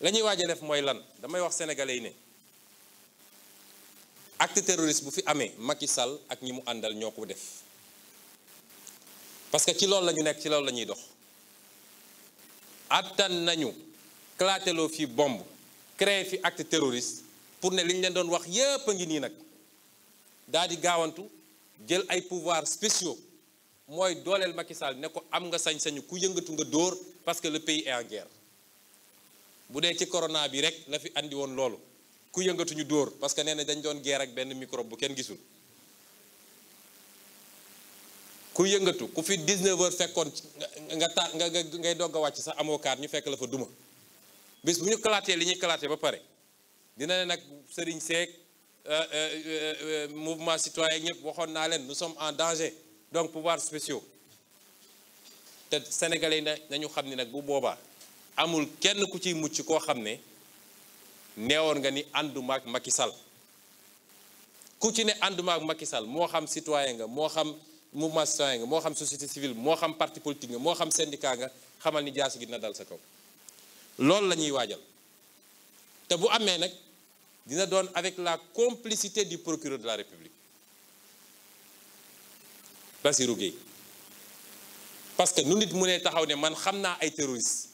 lañuy ñuy waaj a def mooy lan damay wax sénégalais yi ne acte terroriste bu fi amee Macky Sall ak ñi mu àndal ñoo ko def parce que ci loolu lañu nekk ci loolu lañuy dox àttan nañu kalaateloo fii bomb créé fi acte terroriste pour ne li ñu leen doon wax yépp a ngi nii nag daal di gaawantu jël ay pouvoirs spéciaux mooy dooleel Macky Sall ne ko am nga sañ-sañu ku yëngatu nga dóor parce que le pays est en guerre bu dee ci corona bi rek la fi andi woon loolu ku yëngatuñu dóor parce que nee na dañ doon guerre ak benn microbe bu kenn gisul ku yëngatu ku fi 19 heures fekkoon nga ta nga ngay dogg a wàcc sax amoo kaar ñu fekk la fa duma bis bu ñu kalaatee li ñuy kalaatee ba pare dina ne nag sëriñ seek euh, euh, euh, mouvement citoyen ñëpp waxoon naa leen nous sommes en danger donc pouvoir spéciaux te sénégalais yi nañu xam ni nag bu boobaa amul kenn ku ci mucc ko xamne ne nga ni ànduma ak Macky Sall ku ci ne andu ak Macky Sall mo xam citoyen nga mo xam mouvement citoyen nga mo xam société civile mo xam parti politique nga mo xam syndicat nga xamal ni jaasi gi na dal sa kaw loolu la wajal te bu amé nak dina don avec la complicité du procureur de la République basirou gay parce que nous nit mune ne taxaw ne man xamna ay terroristes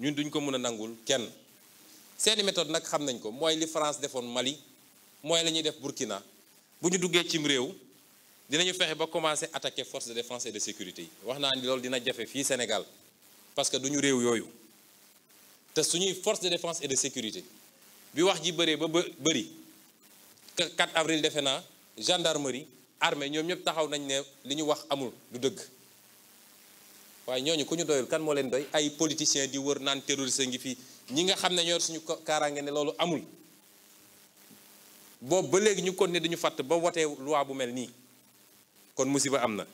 ñun duñ ko mën a nangul kenn seeni méthode nag xam nañ ko mooy li France defoon Mali mooy la ñuy def Burkina bu ñu duggee cim réew dinañu fexe ba commencer attaque force de défense et de sécurité yi wax naa ni loolu dina jafe fii Sénégal parce que duñu réew yooyu te suñuy force de défense et de sécurité bi wax ji bëree ba ba bëri 4 avril defe naa gendarmerie armée ñoom ñëpp taxaw nañ ne li ñu wax amul du dëgg waaye ñooñu ku ñu doyul kan moo leen doy ay politiciens di wër naan terroriste ngi fii ñi nga xam ne ñoo suñu kaaraange ne loolu amul boobu ba léegi ñu kon ne dañu fàtt ba wotee luwaa bu mel nii kon musiba am na